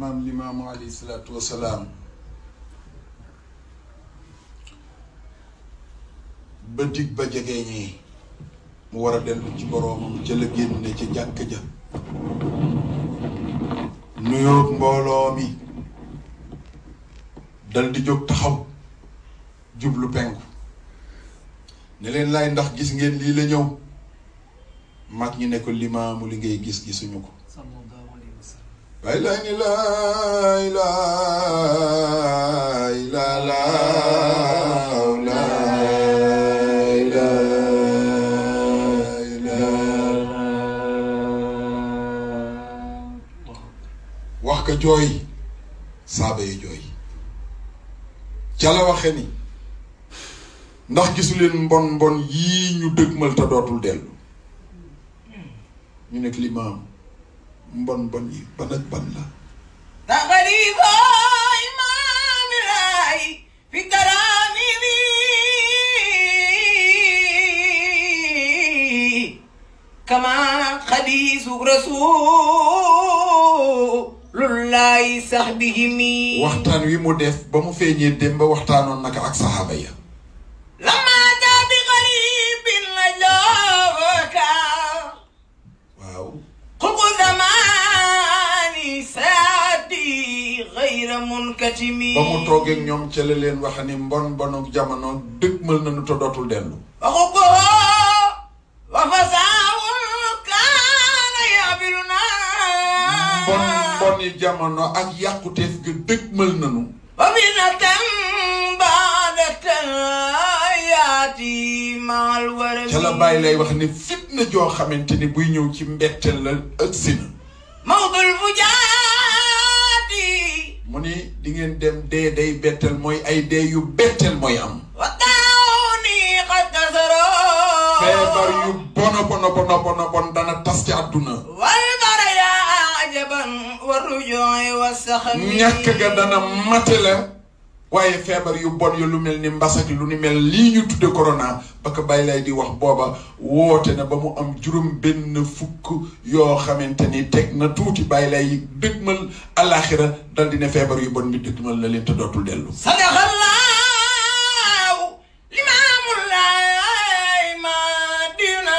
maam limaamu alayhi salaatu wasalaam ba dig ba jegee ñii mu war a dellu ci boroomam ca la génne ca jàkk ja nuyoog mbooloo mi daldi jóg taxaw jublu penku ne leen laay ndax gis ngeen lii la ñëw mag ñi ne ko limaamu li ngay gis gisuñu ko bay la ni la ilaha illallah wax ka jooy saaba yi jooy jala ni ndax gisuleen mbon mbon yii ñu dëgmal te dootul dellu ñu nekk limaam mbon mbon yi ban ak ban la taqriba imaami laay fi kalaami kama xadiisu rasulullahi saxbihimi waxtaan wi mu def ba mu feeñee dem ba waxtaan naka ak saxaaba ya ba mu toogeeg ñoom ca la leen wax ni mbon bonuk jamono dëgmal nañu te dootul dellu. bon boni jamono ak yàquteef ga dëgmal nanu wa bi na tan baadatayaati maal wara ca la bàyyi lay wax ne fitna joo xamante ni buy ñëw ci mbetteel la ëgsi na mawdul bu jaa mu ni di ngeen dem dee day bettel mooy ay dee yu bettel mooy am. feebar yu bono bono bono bono bon dana tas ci àdduna. ñàkk ga dana mate la. waaye feebar yu bon yu lu mel ni mbas ak lu ni mel lii ñu tudde corona parce que bàyyi lay di wax booba woote na ba mu am juróom benn fukk yoo xamante ni teg na tuuti bàyyi lay dëgmal alaxira dal dina feebar yu bon bi dëgmal na leen te dootul dellu sadaqallaahu limaamulaay ma dina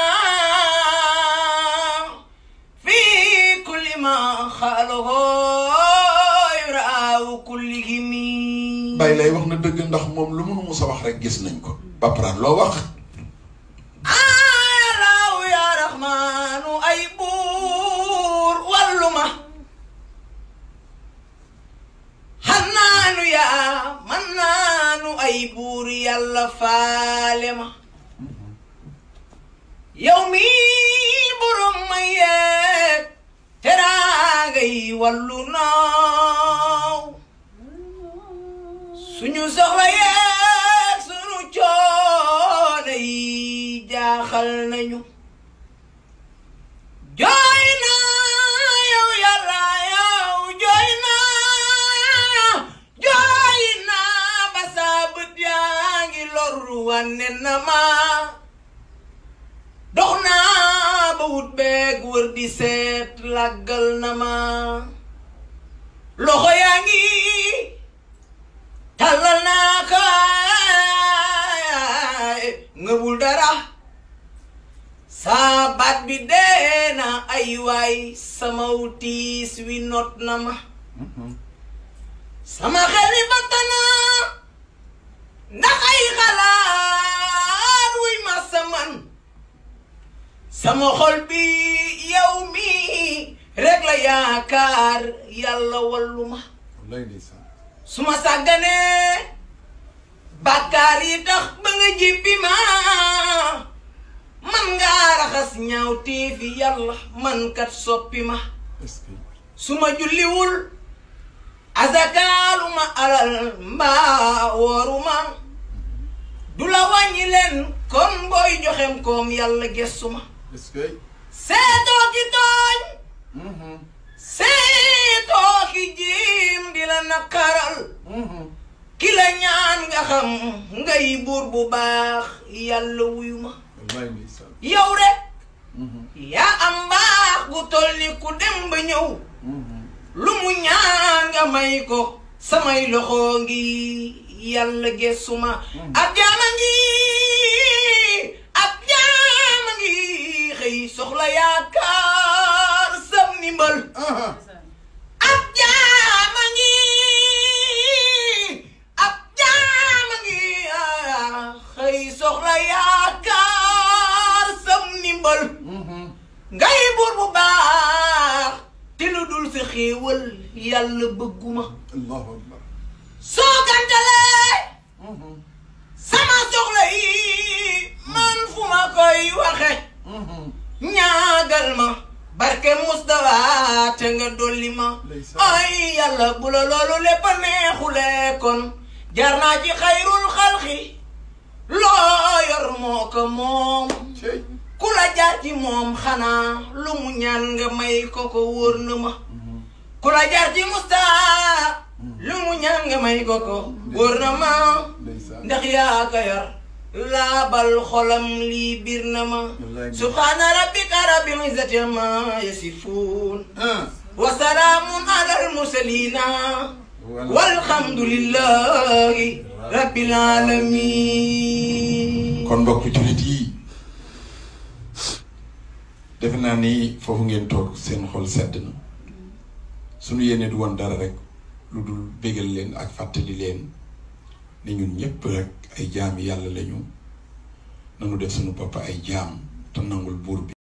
fi kulli ma xaloo lay wax na dëgg ndax moom lu mënu musa wax rek gis nañ ko bapraat loo wax alaw ya raxmaanu ay buur wàllu ma xannaanu ya man ay buur yàlla faale ma yow mi borom ma yeeg teraanga yi suñu soxla yeeg suñu coono yi jaaxal nañu jooy naa yow yàlla yow jooy ba saa yaa ngi loru wane na ma dox ba wut beeg wër di seet làggal na ma waay waay samaw tiis wi not na ma mm-hmm. sama xel mi battana ndax ay xalaat wuy ma saman sama xol bi yow mi rek la yaakaar yàlla wallu ma su ma sàgganee bàkkaar yi tax ba nga jibbi ma ñaaw téefi yàlla man soppi ma su ma julliwul azakaaluma alal mbaa wooruma du la wàññi leen kon booy joxem koom yàlla gëstu ma seetoo ki jiim di nakaral ki ñaan nga xam ngay buur bu baax yàlla wuyu ma yow rek yaa am mbaax gu toll ku dem ba ñëw mm-hmm. lu mu ñaan nga may ko samay loxo ngi yàlla gessuma mm-hmm. ab jaama ngi ab jaama ngi xëy soxla yaakaar sam ndimbal uh-huh. ngay buur bu baax te lu dul sa xéewal yàlla bëgguma allahu akbar soo gantalee sama soxla yi man fu ma koy waxe ñaagal barke Mustafa te nga dolli ma ay yàlla bu lo loolu lépp a neexulee kon jarna naa ci xayrul xalqi loo yor moo ko moo ci moom xanaa lu mu ñaan nga may ko ko wóor na ma ku la jaar ci Moustapha lu mu ñaan nga may ko ko wóor na ma ndax yaa ko yor laabal xolam lii biir ma subhaana rabbika rabbil izzati amma walhamdulillahi rabbil aalamiin defe naa ni foofu ngeen toog seen xol sedd na suñu yéene du woon dara rek lu dul bégal leen ak fàttali leen ni ñun ñëpp rek ay jaami yàlla lañu nanu def sunu bopp ay jaam te nangul buur bi